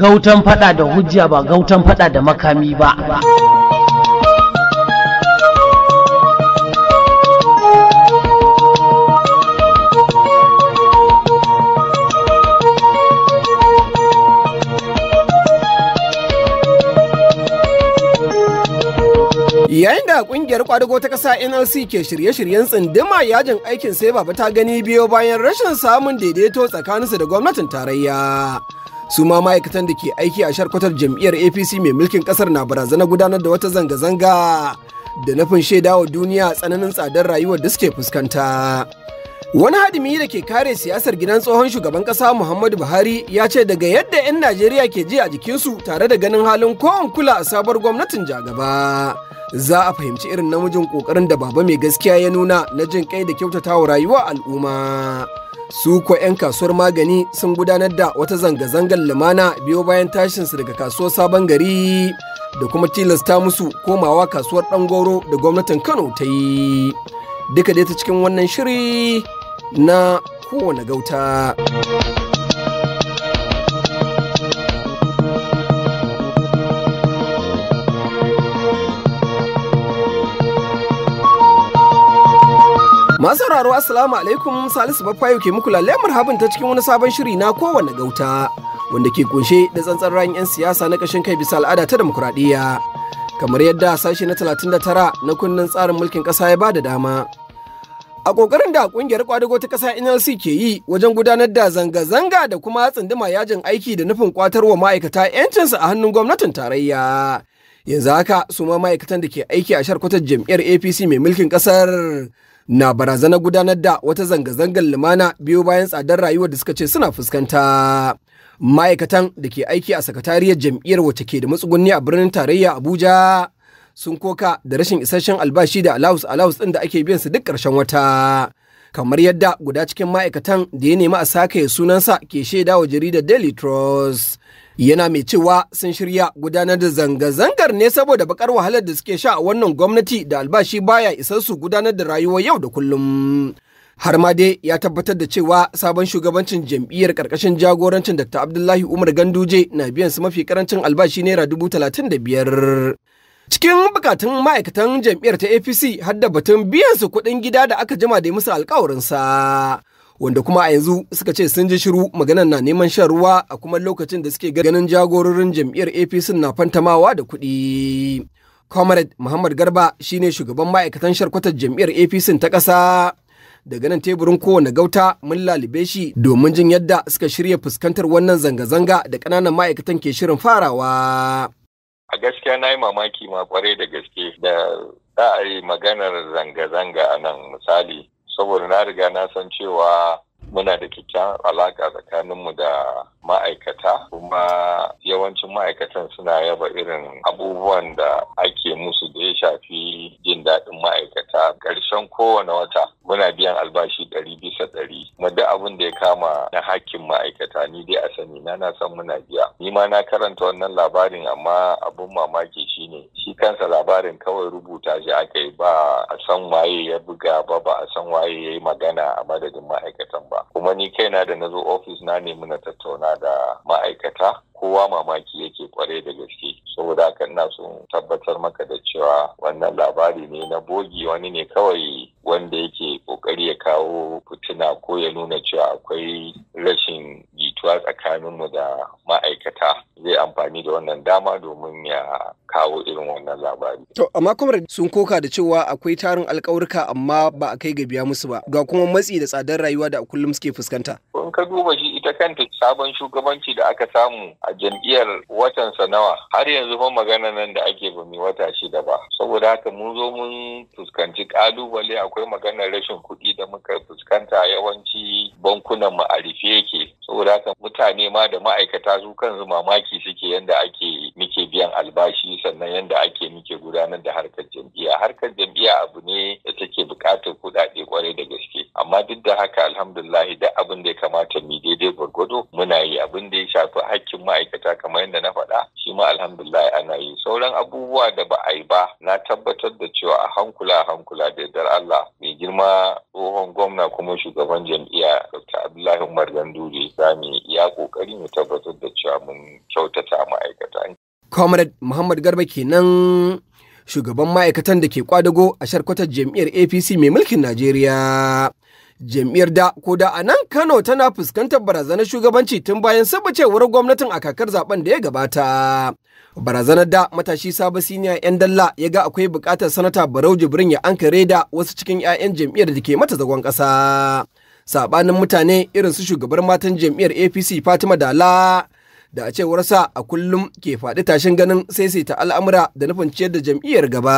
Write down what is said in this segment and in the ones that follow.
gautan fada da hujja ba gautan fada da makami ba yayin da kungiyar kwadago ta kasa nlc ke shirye-shiryen tsindima yajin aikin sai baba ta gani biyo bayan rashin samun daidaito tsakaninsu da gwamnatin tarayya su ma ma'aikatan da ke aiki a sharkwatar jam'iyyar apc mai mulkin kasar na barazana gudanar da wata zanga-zanga da nufin shaidawa duniya tsananin tsadar rayuwar da suke fuskanta wani hadimi da ke kare siyasar gidan tsohon shugaban kasa muhammadu buhari ya ce daga yadda 'yan najeriya ke ji a jikinsu tare da ganin halin kowan kula a sabuwar gwamnatin jagaba za a fahimci irin namijin kokarin da baba mai gaskiya ya nuna na jin kai da kyautatawa rayuwa al'umma su kuwa 'yan kasuwar magani sun gudanar da wata zanga-zangar lumana biyo bayan tashinsu daga kasuwar sabon gari da kuma tilasta musu komawa kasuwar ɗangoro da gwamnatin kano ta yi duka dai ta cikin wannan shiri na kowane gauta. Masu Assalamu alaikum Salisu Bafayo ke muku lalle marhaban ta cikin wani sabon shiri na kowane gauta wanda ke kunshe da tsantsan ran 'yan siyasa na kashin kai bisa al'ada ta demokuraɗiyya. Kamar yadda sashe na 39 na kundin tsarin mulkin ƙasa ya bada dama. A kokarin da ƙungiyar ƙwadago ta ƙasa NLC ke yi wajen gudanar da zanga-zanga da kuma tsunduma yajin aiki da nufin ƙwatarwa ma'aikata 'yancinsu a hannun gwamnatin tarayya. Yanzu haka su ma ma'aikatan da ke aiki a sharkwatar jam'iyyar APC mai mulkin ƙasar na barazana gudanar da wata zanga-zangar lumana biyu bayan tsadar rayuwar da suka ce suna fuskanta. Ma'aikatan da ke aiki a sakatariyar jam'iyyar wacce ke da matsugunni a birnin tarayya Abuja sun koka da rashin isasshen albashi da alawus alawus ɗin da ake biyan su duk ƙarshen wata. Kamar yadda guda cikin ma'aikatan da ya nemi a sake sunansa ke shaida wa jaridar Daily Trust. yana mai cewa sun shirya gudanar da zanga-zangar ne saboda bakar wahalar da suke sha a wannan gwamnati da albashi baya isar su gudanar da rayuwar yau da kullum. har ma dai ya tabbatar da cewa sabon shugabancin jam'iyyar karkashin jagorancin dr abdullahi umar ganduje na biyan su mafi karancin albashi naira dubu talatin da biyar cikin bukatun ma'aikatan jam'iyyar ta apc har da batun biyan su kuɗin gida da aka jima da musu alkawarinsa wanda kuma a yanzu suka ce sun ji shiru maganan na neman shan ruwa a kuma lokacin da suke ganin jagororin jam'iyyar apc na fantamawa da kuɗi comrade muhammad garba shine shugaban ma'aikatan sharkwatar jam'iyyar apc ta ƙasa Da ganin teburin kowane gauta mun lalube shi domin jin yadda suka shirya fuskantar wannan zanga-zanga da ƙananan ma'aikatan ke shirin farawa a gaskiya na yi mamaki ma kwarai da gaske da za a yi maganar zanga-zanga a nan misali saboda na riga na san cewa muna da kyakkyawan alaƙa tsakaninmu da ma'aikata kuma yawancin ma'aikatan suna yaba irin abubuwan da ake musu da ya shafi jin daɗin ma'aikata ƙarshen kowane wata muna biyan albashi ɗari bisa ɗari kuma duk abin da ya kama na hakkin ma'aikata ni dai a sani na na san muna biya ni ma na karanta wannan labarin amma abin mamaki shine shi kansa labarin kawai rubuta shi aka yi ba a san waye ya buga ba ba a san waye ya yi magana a madadin ma'aikatan ba kuma ni kai na da na zo ofis na nemi na tattauna da ma'aikata kowa mamaki yake kware da gaske saboda haka ina so tabbatar maka da cewa wannan labari ne na bogi wani ne kawai wanda yake kokari ya kawo fitina ko ya nuna cewa akwai rashin jituwa tsakaninmu da ma'aikata zai amfani da wannan dama domin ya kawo irin wannan labari. To amma kuma sun koka da cewa akwai tarin alkawurka amma ba a kai ga biya musu ba ga kuma matsi da tsadar rayuwa da kullum suke fuskanta. Kun ka duba shi ita kanta sabon shugabanci da aka samu a jam'iyyar watan Sanawa. har yanzu fa magana nan da ake ba wata shida ba saboda haka mun zo mun fuskanci kalubale akwai maganar rashin kuɗi da muka fuskanta yawanci bankunan mu a rufe yake saboda haka mutane ma da ma'aikata su kansu mamaki suke yanda ake biyan albashi sannan yadda ake muke gudanar da harkar jam'iyya harkar jam'iyya abu ne da take buƙatar kuɗaɗe kwarai da gaske amma duk da haka alhamdullahi da abin da ya kamata mu daidai gwargwado muna yi abin da ya shafi hakkin ma'aikata kamar yadda na faɗa shi ma alhamdulillah ana yi sauran abubuwa da ba a yi ba na tabbatar da cewa a hankula a hankula da yardar Allah mai girma tsohon gwamna kuma shugaban jam'iyya Dr. Abdullahi Umar Ganduje za mu iya ƙoƙari mu tabbatar da cewa mun kyautata ma'aikata comrade muhammad garba kenan shugaban ma'aikatan da ke kwadago a sharkwatar jam'iyyar apc mai mulkin najeriya jam'iyyar da ko da a nan kano tana fuskantar barazanar shugabanci tun bayan sabbacewar gwamnatin a kakar zaben da ya gabata barazanar da matashi sabo siniya yan dalla ya ga akwai buƙatar sanata barau jibrin ya ankare da wasu cikin 'ya'yan jam'iyyar da ke mata zagon ƙasa sabanin mutane irin su shugabar matan jam'iyyar apc fatima dala da a cewar sa a kullum ke faɗi tashin ganin sai sai ta al'amura da nufin ciyar da jam'iyyar gaba.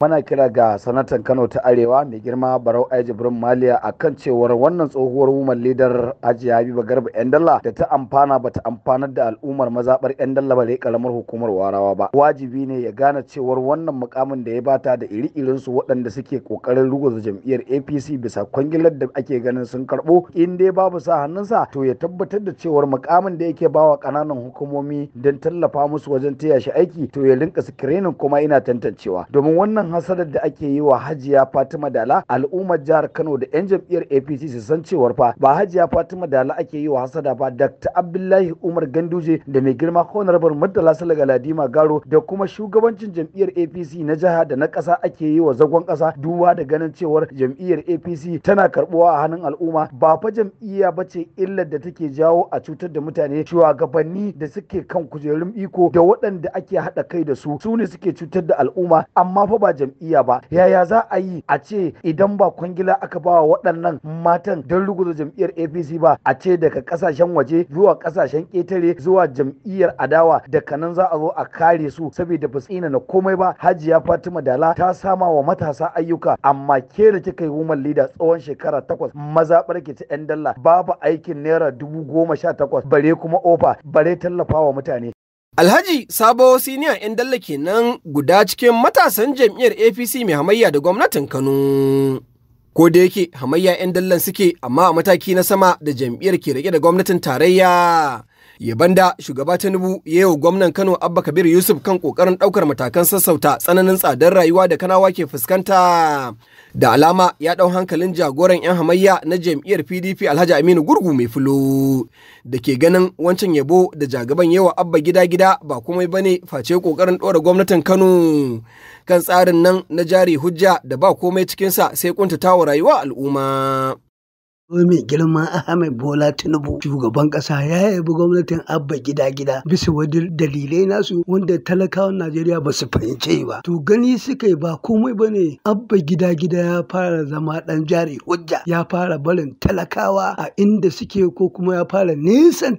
Muna kira ga sanatan Kano ta Arewa mai girma Barau Jibrin Maliya a kan cewar wannan tsohuwar woman leader Hajiya Habiba Garba ‘yan dalla da ta amfana ba ta amfanar da al'ummar mazaɓar ‘yan dalla ba da karamar hukumar warawa ba. Wajibi ne ya gane cewar wannan mukamin da ya bata da iri-irinsu waɗanda suke ƙoƙarin ruguza jam'iyyar APC bisa kwangilar da ake ganin sun karɓo in dai babu sa hannunsa to ya tabbatar da cewar mukamin da yake bawa ƙananan hukumomi don tallafa musu wajen taya shi aiki to ya rinka sikirinin kuma ina tantancewa domin wannan hasarar da ake yi wa hajiya fatima dala al'ummar jihar kano da 'yan jam'iyyar apc su san cewar fa ba hajiya fatima dala ake yi wa hasada ba dr abdullahi umar ganduje da mai girma rabar murtala salaga ladima garo da kuma shugabancin jam'iyyar apc na jiha da na ƙasa ake yi wa zagon ƙasa duba da ganin cewar jam'iyyar apc tana karɓuwa a hannun al'umma ba fa jam'iyya ba ce illar da take jawo a cutar da mutane shugabanni da suke kan kujerun iko da waɗanda ake haɗa kai da su su ne suke cutar da al'umma amma fa ba jam'iyya ba yaya za a yi a ce idan ba kwangila aka ba wa waɗannan matan don ruguza jam'iyyar apc ba a ce daga ƙasashen waje zuwa ƙasashen ƙetare zuwa jam'iyyar adawa da kanan za a zo a kare su saboda ba tsina na komai ba hajiya fatima dala ta sama wa matasa ayyuka amma ke da kika yi woman leader tsawon shekara takwas maza barke ta 'yan dala babu aikin naira dubu goma sha takwas bare kuma ofa bare tallafa wa mutane Alhaji Sabo Siniyan ‘yan dalla kenan guda cikin matasan jam'iyyar APC mai hamayya da gwamnatin Kano. Ko da yake hamayya ‘yan dallan suke amma a mataki na sama da jam'iyyar ke rike da gwamnatin tarayya. Yabanda, shugaba tinubu ya yi gwamnan kano abba kabir yusuf kan kokarin daukar matakan sassauta tsananin tsadar rayuwa da kanawa ke fuskanta da alama ya dau hankalin jagoran yan hamayya na jam'iyyar pdp alhaji aminu gurgu mai fulo da ke ganin wancan yabo da jagaban yawa abba gida gida ba komai ne face kokarin dora gwamnatin kano kan tsarin nan na jari hujja da ba komai cikinsa sai kuntatawa rayuwa al'umma mai girma Ahmed Bola Tinubu shugaban kasa ya yabi gwamnatin Abba gida gida bisa wani dalilai nasu wanda talakawan Najeriya ba su fahimce ba to gani suka yi ba komai bane Abba gida gida ya fara zama dan jari hujja ya fara barin talakawa a inda suke ko kuma ya fara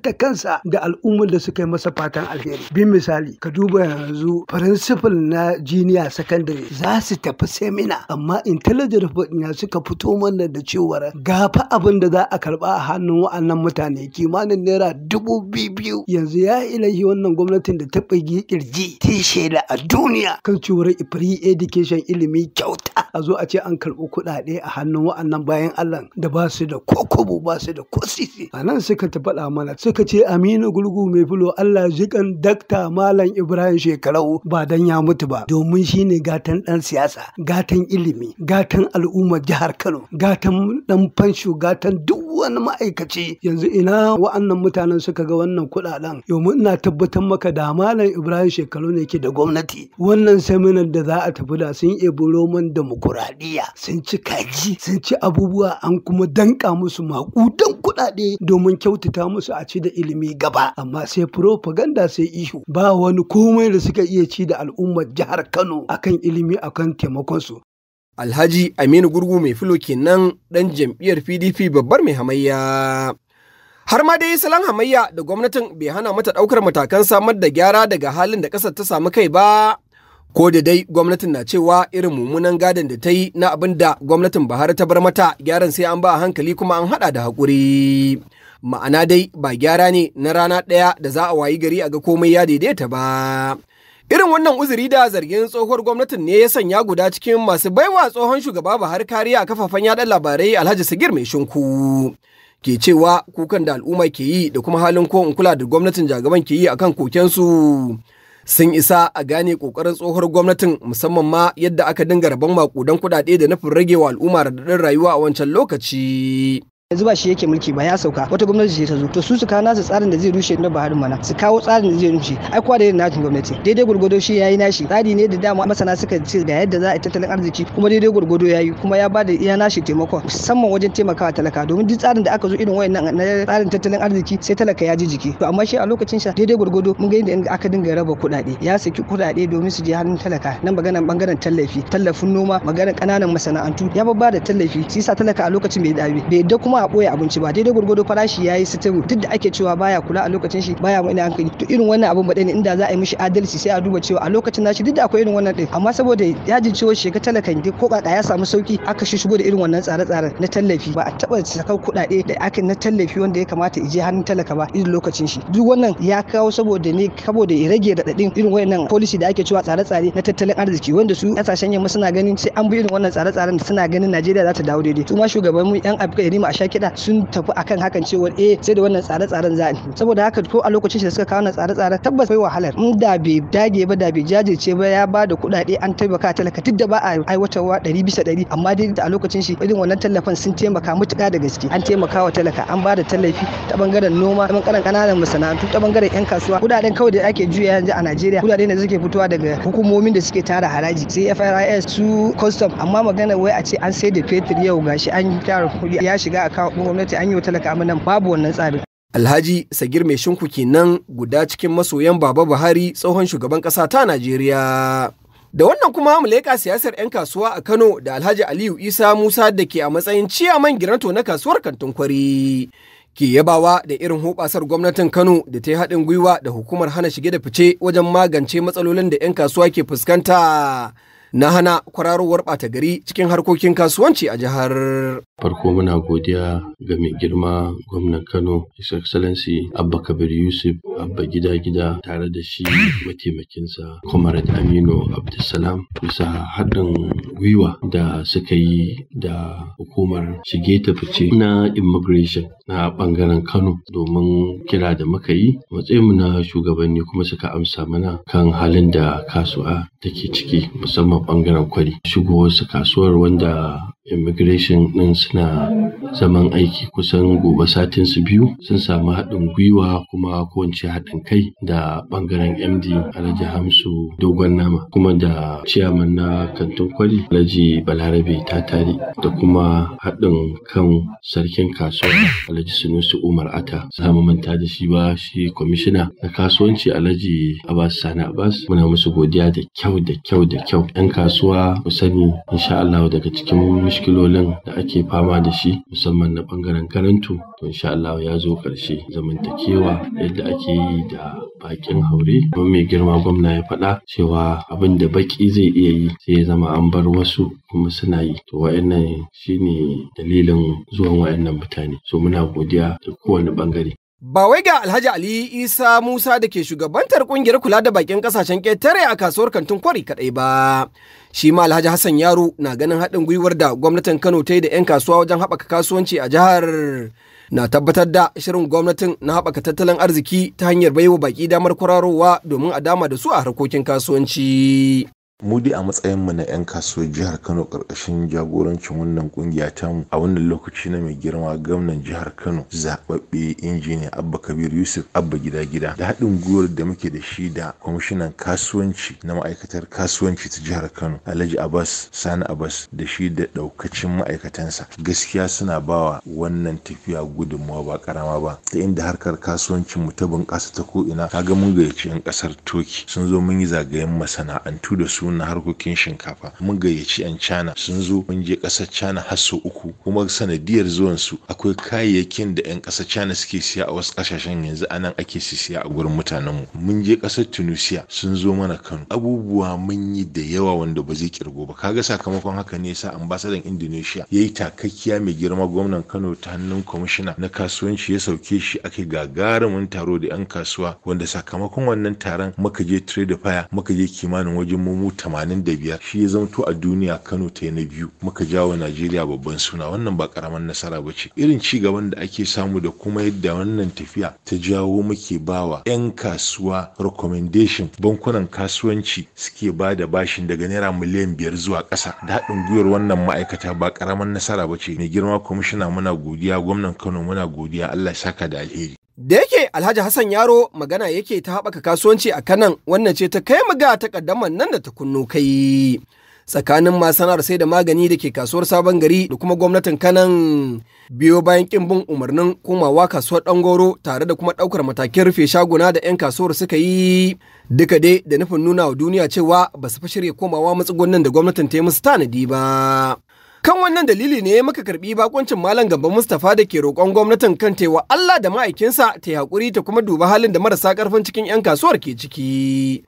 ta kansa da al'ummar da suka yi masa fatan alheri bin misali ka duba yanzu principal na jiniya sakandare. za su tafi semina amma intelligent ya suka fito mana da cewar gafa abin da za a karba a hannun wa'annan mutane kimanin naira dubu biyu yanzu ya ilahi wannan gwamnatin da ta bigi kirji ta shaida a duniya kan cewar free education ilimi kyauta a zo a ce an karɓi kuɗaɗe a hannun wa'annan bayan Allah da ba su da kokobo ba su da kosisi a nan suka ta faɗa mana suka ce Aminu Gurgu mai fulo Allah jikan dakta Malam Ibrahim Shekarau ba dan ya mutu ba domin shine gatan ɗan siyasa gatan ilimi gatan al'ummar jihar Kano gatan ɗan fan gatan fatan duk wani ma'aikaci yanzu ina wa'annan mutanen suka ga wannan kuɗaɗen domin ina tabbatar maka da malam ibrahim shekaru ne ke da gwamnati wannan seminar da za a tafi da sun ebo roman demokuraɗiyya sun ci kaji sun ci abubuwa an kuma danka musu maƙudan kuɗaɗe domin kyautata musu a ci da ilimi gaba amma sai propaganda sai ihu ba wani komai da suka iya ci da al'ummar jihar kano akan ilimi akan taimakon su Alhaji Aminu Gurgu mai filo kenan ɗan jam'iyyar PDP babbar mai hamayya. Har ma dai salon hamayya da gwamnatin bai hana mata ɗaukar matakan samar da gyara daga halin da ƙasar ta samu kai ba. Ko da dai gwamnatin na cewa irin mummunan gadon da ta yi na abin da gwamnatin Buhari ta bar mata gyaran sai an ba a hankali kuma an haɗa da haƙuri. Ma'ana dai ba gyara ne na rana ɗaya da za a wayi gari a ga komai ya daidaita ba. Irin wannan uzuri da zargin tsohuwar gwamnatin ne ya sanya guda cikin masu baiwa tsohon shugaba Buhari kariya a kafafen yaɗa labarai Alhaji Sigir mai shinku. Ke cewa kukan da al'umma ke yi da kuma halin ko in kula da gwamnatin jagaban ke yi akan kokensu. Sun isa a gane kokarin tsohuwar gwamnatin musamman ma yadda aka dinga rabon makudan kuɗaɗe da nufin rage wa al'umma da rayuwa a wancan lokaci. yanzu ba shi yake mulki ba ya sauka wata gwamnati ce ta zo to su su kawo nasu tsarin da zai rushe na Buhari mana su kawo tsarin da zai rushe ai kwa da irin nasu gwamnati daidai gurgudo shi yayi nashi tsari ne da dama masana suka ce ga yadda za a tattalin arziki kuma daidai gurgudo yayi kuma ya bada iya nashi taimakon musamman wajen taimakawa talaka domin duk tsarin da aka zo irin wayannan na tsarin tattalin arziki sai talaka ya ji jiki to amma shi a lokacin sa daidai gurgudo mun ga yadda aka dinga raba kuɗaɗe ya saki kuɗaɗe domin su je hannun talaka nan maganar bangaren tallafi tallafin noma maganar kananan masana'antu ya babba da tallafi shi sa talaka a lokacin bai dabe bai da kuma a boye abinci ba daidai gurgudu farashi ya yi sitiru duk da ake cewa baya kula a lokacin shi baya mai hankali to irin wannan abun ba ne inda za a yi mishi adalci sai a duba cewa a lokacin nashi duk da akwai irin wannan din amma saboda ya jinciwo shiga talakan dai ko kaka ya samu sauki aka shi shigo da irin wannan tsare-tsare na tallafi ba a taba sakar kuɗaɗe da aka na tallafi wanda ya kamata ije hannun talaka ba irin lokacin shi duk wannan ya kawo saboda ne saboda ya rage raɗaɗin irin wannan policy da ake cewa tsare-tsare na tattalin arziki wanda su kasashen yamma suna ganin sai an bi irin wannan tsare-tsaren da suna ganin Najeriya za ta dawo daidai su ma shugaban mu yan Afirka Yarima Ashaki kiɗa sun tafi akan hakan cewa eh sai da wannan tsare-tsaren za a saboda haka ko a lokacin shi da suka kawo wannan tsare-tsaren tabbas akwai wahalar in da bai dage ba da bai jajirce ba ya ba da kuɗaɗe an taimaka talaka duk da ba a aiwatarwa ɗari bisa ɗari amma dai a lokacin shi irin wannan tallafin sun taimaka matuƙa da gaske an taimaka wa talaka an bada tallafi ta bangaren noma ta bangaren ƙananan masana'antu ta bangaren 'yan kasuwa kuɗaɗen kawai da ake juya yanzu a Najeriya kuɗaɗen da suke fitowa daga hukumomin da suke tara haraji sai FRIS su custom amma magana wai a ce an sai da fetur yau gashi an tara kuɗi ya shiga a kawo gwamnati an yi wa talaka amma nan babu wannan tsarin Alhaji Sagir Mai Shinku kenan guda cikin masoyan Baba Buhari tsohon shugaban ƙasa ta Najeriya. Da wannan kuma mu leƙa siyasar 'yan kasuwa a Kano da Alhaji Aliyu Isa Musa da ke a matsayin ciyaman giranto na kasuwar kantin kwari. Ke yabawa da irin hoɓasar gwamnatin Kano da ta yi haɗin gwiwa da hukumar hana shige da fice wajen magance matsalolin da 'yan kasuwa ke fuskanta. Na hana kwararowar ɓata gari cikin harkokin kasuwanci a jihar. Farko muna godiya ga mai girma gwamnan Kano His Excellency Abba Kabir Yusuf Abba Gida Gida tare da shi mataimakinsa Comrade Aminu Abdulsalam bisa haɗin gwiwa da suka yi da hukumar shige ta fice na immigration na ɓangaren Kano domin kira da muka yi matsayinmu na shugabanni kuma suka amsa mana kan halin da kasuwa take ciki musamman ɓangaren kwari shigowar su kasuwar wanda immigration ɗin suna zaman aiki kusan gobe satin su biyu sun samu haɗin gwiwa kuma kowace haɗin kai da ɓangaren md alhaji hamsu dogon nama kuma da ciyaman na kantin kwari alhaji balarabe ta tatari da kuma haɗin kan sarkin kasuwa alhaji sunusu umar ata samu manta da shi ba shi kwamishina na kasuwanci alhaji abbas sani abbas muna musu godiya da kyau da kyau da kyau yan kasuwa ku sani insha daga cikin mishkilolin da ake fama da shi musamman na ɓangaren karantu to insha Allah ya zo ƙarshe zamantakewa yadda ake yi da bakin haure kuma mai girma gwamna ya faɗa cewa abin da baki zai iya yi sai ya zama an bar wasu kuma suna yi to wa'annan shine dalilin zuwan wa'annan mutane so muna godiya da kowane ɓangare Ba wai ga Alhaji Ali Isa Musa da ke shugabantar kungiyar kula da bakin kasashen ƙetare a kasuwar kantin kwari kaɗai ba. Shi ma Alhaji Hassan Yaro na ganin haɗin gwiwar da gwamnatin Kano ta yi da 'yan kasuwa wajen haɓaka kasuwanci a jihar. Na tabbatar da shirin gwamnatin na haɓaka tattalin arziki ta hanyar baiwa baki damar kwararowa domin a dama da su a harkokin kasuwanci. mu dai a matsayinmu na 'yan kasuwar jihar kano karkashin jagorancin wannan kungiya mu. a wannan lokaci na mai girma gwamnan jihar kano zaɓaɓɓe injiniya abba kabir yusuf abba gida gida da haɗin gwiwar da muke da shi da kwamishinan kasuwanci na ma'aikatar kasuwanci ta jihar kano alhaji abbas sani abbas da shi da ɗaukacin ma'aikatansa gaskiya suna bawa wannan tafiya gudunmawa ba karama ba ta inda harkar kasuwancin mu ta bunƙasa ta ko'ina kaga mun gayyaci 'yan ƙasar toki sun zo mun yi zagayen masana'antu da su mun na harkokin shinkafa mun gayyaci yan cana sun zo mun je ƙasar cana har sau uku kuma sanadiyar zuwan su akwai kayayyakin da yan ƙasar cana suke siya a wasu ƙasashen yanzu anan ake siya a gurin mutanen mu mun je ƙasar tunisia sun zo mana kano abubuwa mun yi da yawa wanda ba zai kirgo ba kaga sakamakon haka ne sa ambasadan indonesia ya yi takakkiya mai girma gwamnan kano ta hannun kwamishina na kasuwanci ya sauke shi ake gagarumin taro da yan kasuwa wanda sakamakon wannan taron muka je trade fire muka je kimanin wajen mu 85 shi ya zamto a duniya Kano ta na biyu muka jawo Najeriya babban suna wannan ba karaman nasara ba ce irin ci gaban da ake samu da kuma yadda wannan tafiya ta jawo muke bawa 'yan kasuwa recommendation bankunan kasuwanci suke ba da bashin daga naira miliyan biyar zuwa ƙasa da haɗin gwiwar wannan ma'aikata ba karaman nasara ba ce mai girma kwamishina muna godiya gwamnan Kano muna godiya Allah saka da alheri Da yake Alhaji Hassan Yaro magana yake ta haɓaka kasuwanci a kanan wannan ce ta kai ga takaddaman nan da ta kunno kai. Tsakanin masanar sai da magani da ke kasuwar sabon gari da kuma gwamnatin kanan biyo bayan kin bin umarnin komawa kasuwar ɗangoro tare da kuma ɗaukar matakin rufe shaguna da 'yan kasuwar suka yi duka dai da nufin nuna wa duniya cewa ba su fi shirya komawa matsugunan da gwamnatin ta yi musu tanadi ba. Kan wannan dalili ne ya maka karbi bakoncin Malam Gambo Mustapha da ke roƙon gwamnatin kan taiwa Allah da ma'aikinsa ta yi haƙuri ta kuma duba halin da marasa ƙarfin cikin 'yan kasuwar ke ciki.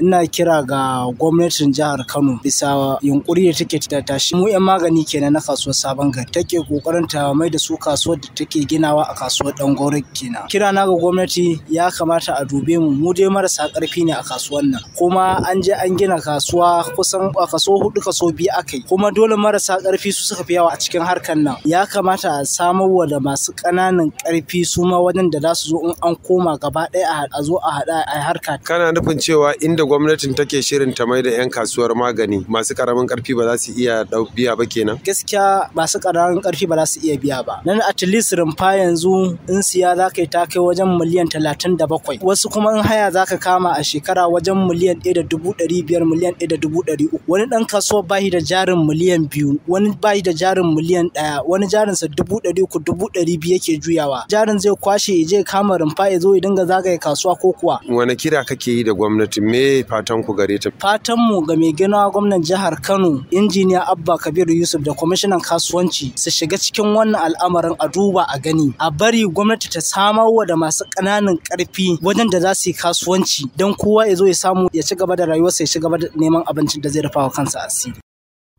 Ina kira ga gwamnatin jihar Kano bisa yunkuri da take ta tashi mu 'yan magani kenan na kasuwar Sabon Gari take kokarin ta mai da su kasuwar da take ginawa a kasuwar Dangore kenan. Kira na ga gwamnati ya kamata a dube mu mu dai marasa karfi ne a kasuwar nan kuma an je an gina kasuwa kusan a kaso hudu kaso biyu akai kuma dole marasa karfi su suka fi yawa a cikin harkan nan ya kamata a samar wa da masu ƙananan karfi su ma wajen da za su zo in an koma gaba ɗaya a zo a haɗa a harka. Kana nufin cewa inda gwamnatin take shirin ta mai da 'yan kasuwar magani masu karamin karfi ba za su iya biya ba kenan? Gaskiya masu karamin karfi ba za su iya biya ba. Nan at least rumfa yanzu in siya za ka yi ta kai wajen miliyan talatin da bakwai. Wasu kuma in haya za ka kama a shekara wajen miliyan ɗaya da dubu ɗari biyar miliyan ɗaya da dubu ɗari uku. Wani ɗan kasuwa ba shi da jarin miliyan biyu, wani ba shi da jarin miliyan ɗaya, wani jarinsa dubu ɗari uku dubu ɗari biyu yake juyawa. Jarin zai kwashe ya je kama rumfa ya zo ya dinga zagaye kasuwa ko kuwa. Wani kira kake yi da gwamnati me Fatanmu fatan ku gare ta fatan mu ga mai gina gwamnan jihar Kano injiniya Abba Kabiru Yusuf da kwamishinan kasuwanci su shiga cikin wannan al'amarin a duba a gani a bari gwamnati ta samarwa da masu ƙananan ƙarfi wajen da za su yi kasuwanci don kowa ya zo ya samu ya ci gaba da rayuwarsa ya ci gaba da neman abincin da zai rufa wa kansa asiri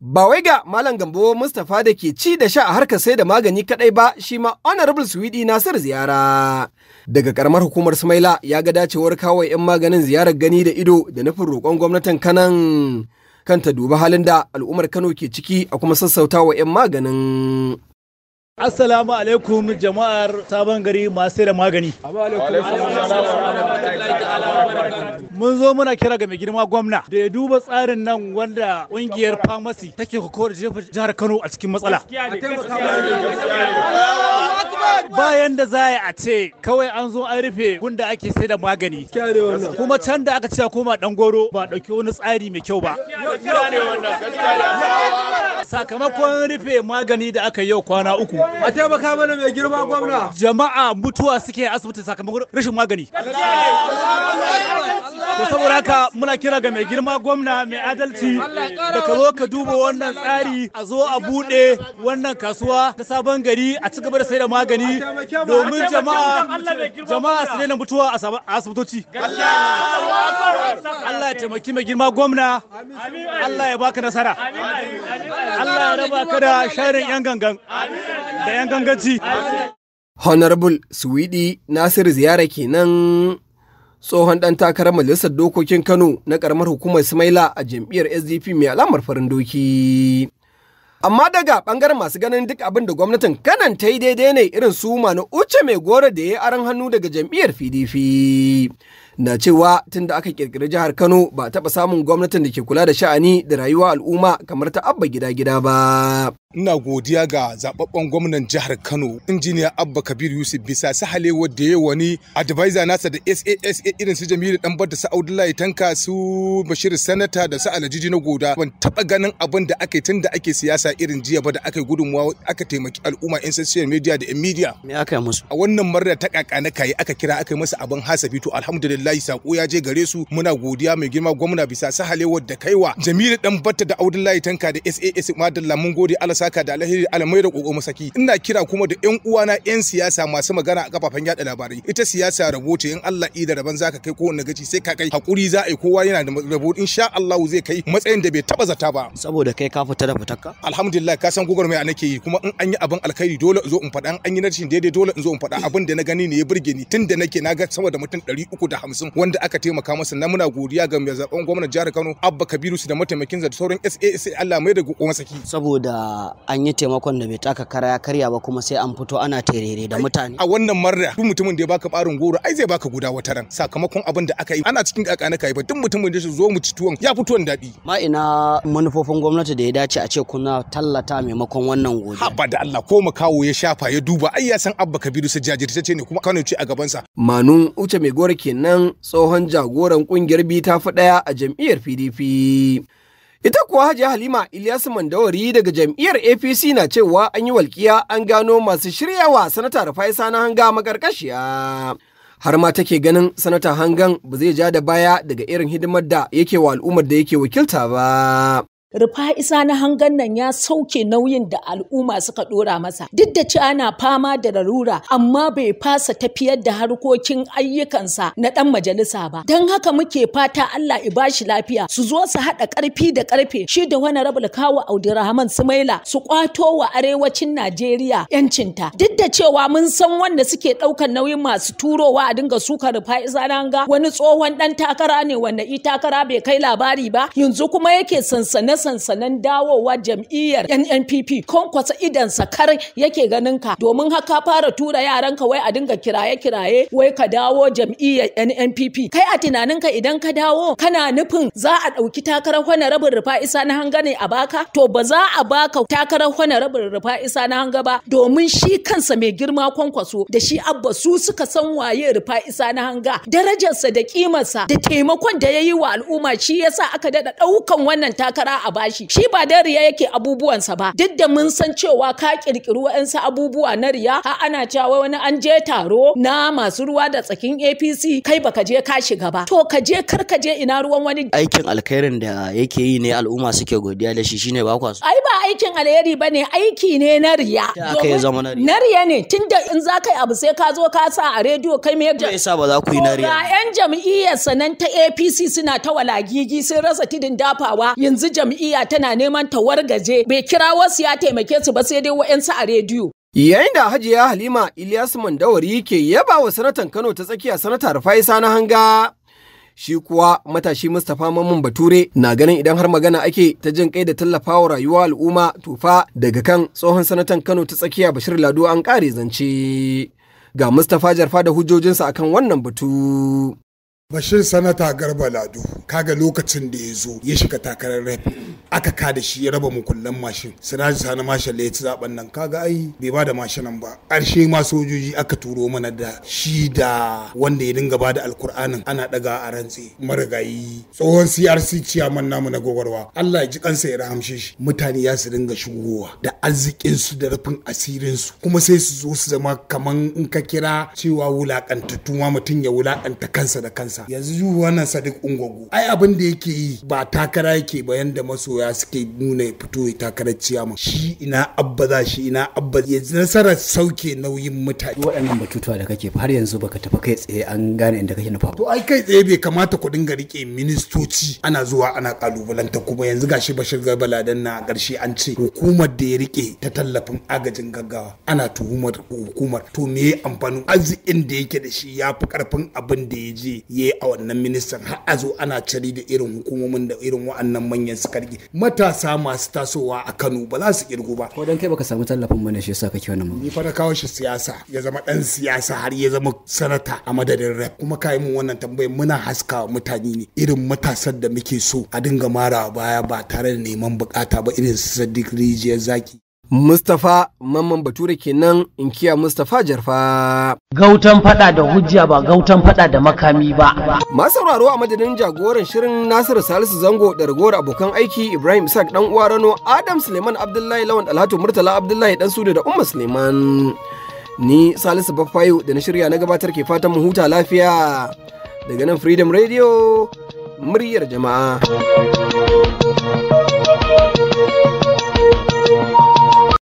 Ba wai ga Malam Gambo Mustapha da ke ci da sha a harkar sai da magani kaɗai ba, shi ma Honorable Suwidi Nasir ziyara. daga karamar hukumar Sumaila ya ga dacewar kawo 'yan maganin ziyarar gani da ido da nufin roƙon gwamnatin Kanan kanta duba halin da al'ummar Kano ke ciki a kuma sassauta wa 'yan maganin. Assalamu alaikum jama'ar sabon gari masu da magani. Mun zo muna kira ga mai girma gwamna da ya duba tsarin nan wanda ƙungiyar famasi take kokowar jefa jihar Kano a cikin matsala. bayan da za a ce kawai an zo an rufe gunda ake sai da magani kuma can da aka ce koma dan goro ba dauki wani tsari mai kyau ba sakamakon rufe magani da aka yau kwana uku a taimaka mana mai girma gwamna jama'a mutuwa suke asibiti sakamakon rashin magani to saboda haka muna kira ga mai girma gwamna mai adalci da ka zo ka duba wannan tsari a zo a bude wannan kasuwa ta sabon gari a ci gaba da sai da magani magani domin jama'a su daina mutuwa a asibitoci Allah ya taimaki mai girma gwamna Allah ya baka nasara Allah ya raba ka da sharin yan gangan da yan ganganci Honorable Suwidi nasiru ziyara kenan tsohon ɗan takarar majalisar dokokin Kano na ƙaramar hukumar smaila a jam'iyyar SDP mai alamar farin doki. amma daga bangaren masu ganin duk abin da gwamnatin kanan ta yi daidai ne irin su na uce mai goro da ya yi aron hannu daga jam'iyyar pdp na cewa tun da aka kirkiri jihar kano ba taɓa samun gwamnatin da ke kula da sha'ani da rayuwa al'umma kamar ta abba gida gida ba Ina godiya ga zababben gwamnan jihar Kano, injiniya Abba Kabir Yusuf bisa sahalewar da ya wani advisor nasa da SASA irin su Jamilu ɗan bada su Abdullahi Tanka su Bashir Sanata da su Alajiji na Goda. Ban taba ganin abin da ake tun da ake siyasa irin jiya ba da aka yi aka taimaki al'umma in social media da in media. Me aka yi musu? A wannan marar ta kaka na kayi aka kira aka yi masa abin hasabi to alhamdulillah sako ya je gare su muna godiya mai girma gwamna bisa sahalewar da kaiwa Jamilu bada da Abdullahi Tanka da SASA madalla mun gode Allah saka da alheri almai da kokon masaki ina kira kuma da yan uwana yan siyasa masu magana a kafafen yada labarai ita siyasa rabo ce in Allah ida raban zaka kai kowanne gaci sai ka kai hakuri za a yi kowa yana da rabo insha Allah zai kai matsayin da bai taba zata ba saboda kai ka fita da fitakka alhamdulillah ka san gwagwarmaya nake yi kuma in an yi abin alkhairi dole in zo in faɗa an yi na rashin daidai dole in zo in faɗa abin da na gani ne ya burge ni tunda nake na ga sama da mutum uku da 350 wanda aka taimaka masa na muna godiya ga mai zaben gwamnatin jihar Kano Abba Kabiru su da mataimakin da sauran SASA Allah mai da goma saki saboda an yi taimakon da bai taka kara ya karya ba kuma sai an fito ana terere da mutane a wannan marda. duk mutumin da ya baka barin goro ai zai baka guda wata ran sakamakon abin da aka yi ana cikin kakana kai ba duk mutumin da zo mu ci tuwon ya fito daɗi ma ina manufofin gwamnati da ya dace a ce kuna tallata maimakon wannan gobe haba da Allah ko kawo ya shafa ya duba ai ya san abba kabiru su ce ne kuma Kano ce a gaban sa. manun uce mai gora kenan tsohon jagoran kungiyar bi ta fi daya a jam'iyyar PDP Ita kuwa Hajiya Halima Ilyasu Mandawari daga jam'iyyar APC na cewa an yi walƙiya an gano masu shiryawa sanata faisa na Hanga makarkashiya. Har ma take ganin sanata Hangan ba zai ja da baya daga irin hidimar da yake wa al'ummar da yake wakilta ba. Rufa isa na hangan nan ya sauke nauyin da al'umma suka dora masa. Duk da ci ana fama da rarura. amma bai fasa tafiyar da harkokin ayyukansa na ɗan majalisa ba. Don haka muke fata Allah i bashi lafiya su zo su haɗa ƙarfi da ƙarfe shi da wani rabul kawo Abdulrahman Sumaila su kwato wa arewacin Najeriya yancinta. Duk da cewa mun san wanda suke ɗaukar nauyin masu turowa a dinga suka rufa isa na hanga wani tsohon ɗan takara ne wanda i takara bai kai labari ba yanzu kuma yake sansanin sansanin nan dawowa jam'iyyar NNPP konkwasa idansa kar yake ganin ka domin haka fara tura yaran ka wai a dinga kiraye-kiraye wai ka dawo jam'iyyar NNPP kai a tunanin ka idan ka dawo kana nufin za a ɗauki takarar hana rabin rufa isa na hanga ne a baka to ba za a baka takarar hana rabin rufa isa na hanga ba domin shi kansa mai girma kwankwaso da shi abba su suka san waye rufa isa na hanga darajarsa da kimarsa da taimakon da ya yi wa al'umma shi yasa aka daɗa ɗaukan wannan takara a a bashi shi ba da riya yake abubuwansa ba duk da mun san cewa ka kirkiri wa'ansu abubuwa na riya har ana cewa wani an je taro na masu ruwa da tsakin APC kai baka je ka shiga ba to ka je kar ka je ina ruwan wani aikin alkhairin da yake yi ne al'umma suke godiya da shi shine ba kwasu ai ba aikin alheri bane aiki ne na riya na riya ne tunda in za ka abu sai ka zo ka sa a rediyo kai me ya sa ba za ku yi na riya ga yan jam'iyyar sanan ta APC suna ta walagigi sun rasa tidin dafawa yanzu jam'iyyar jam'iyya tana neman ta wargaje bai kira wasu ya taimake su ba sai dai wa'yansu a rediyo. Yayin da Hajiya Halima Ilyas Mandawari ke yaba wa sanatan Kano ta tsakiya sanata Rufai na Hanga shi kuwa matashi Mustapha Mamman Bature na ganin idan har magana ake ta jin kai da tallafawa rayuwa al'umma tufa daga kan tsohon sanatan Kano ta tsakiya Bashir Lado an kare zance. Ga Mustapha Jarfa da hujjojinsa akan wannan batu. Bashir Sanata Garba Ladu kaga lokacin da ya zo ya shiga takarar rap aka ka da shi ya raba mukullan mashin sana mashin mashal ya ci zaben nan kaga ai bai ba da mashinan ba ƙarshe ma sojoji aka turo mana da shi da wanda ya dinga ba da alkur'anin ana daga a rantse marigayi tsohon CRC ciyaman namu na gogarwa Allah ya ji kansa ya rahamshe shi mutane ya su dinga shigowa da arzikin su da rufin asirin su kuma sai su zo su zama kaman in ka kira cewa wulakantattu ma mutum ya wulakanta kansa da kansa kasa yanzu wannan sadiq ungwagu ai abin da yake yi ba takara yake ba yanda masoya suke nuna ya fito ya takarar ciyama shi ina abba za shi ina abba ya nasara sauke nauyin mutane waɗannan batutuwa da kake har yanzu baka tafi kai tsaye an gane inda kake nufa to ai kai tsaye bai kamata ku dinga rike ministoci ana zuwa ana kalubalanta kuma yanzu gashi bashir gabaladan na karshe an ce hukumar da ya rike ta tallafin agajin gaggawa ana tuhumar hukumar to me amfanin arzikin da yake da shi ya fi karfin abin da ya je ya yi a wannan ministan har a zo ana cari da irin hukumomin da irin wa'annan manyan su matasa masu tasowa a Kano ba za su kirgu ba ko dan kai baka samu tallafin mana shi yasa kake wannan ni fa kawo shi siyasa ya zama dan siyasa har ya zama sanata a madadin rep kuma kai mun wannan tambayar muna haska mutane ne irin matasan da muke so a dinga mara baya ba tare da neman bukata ba irin su Sadiq Rijiyar Zaki Mustapha Mamman Bature kenan kiya Mustapha Jarfa. Gautan fada da hujja ba gautan fada da makami ba. Masu sauraro a madadin jagoran shirin Nasiru Salisu Zango da ragowar abokan aiki Ibrahim Isak dan uwa Rano Adam Suleiman Abdullahi Lawan Alhatu Murtala Abdullahi dan Sude da Umma Suleiman. Ni Salisu Baffayo da na shirya na gabatar ke fatan mu huta lafiya daga nan Freedom Radio muryar jama'a.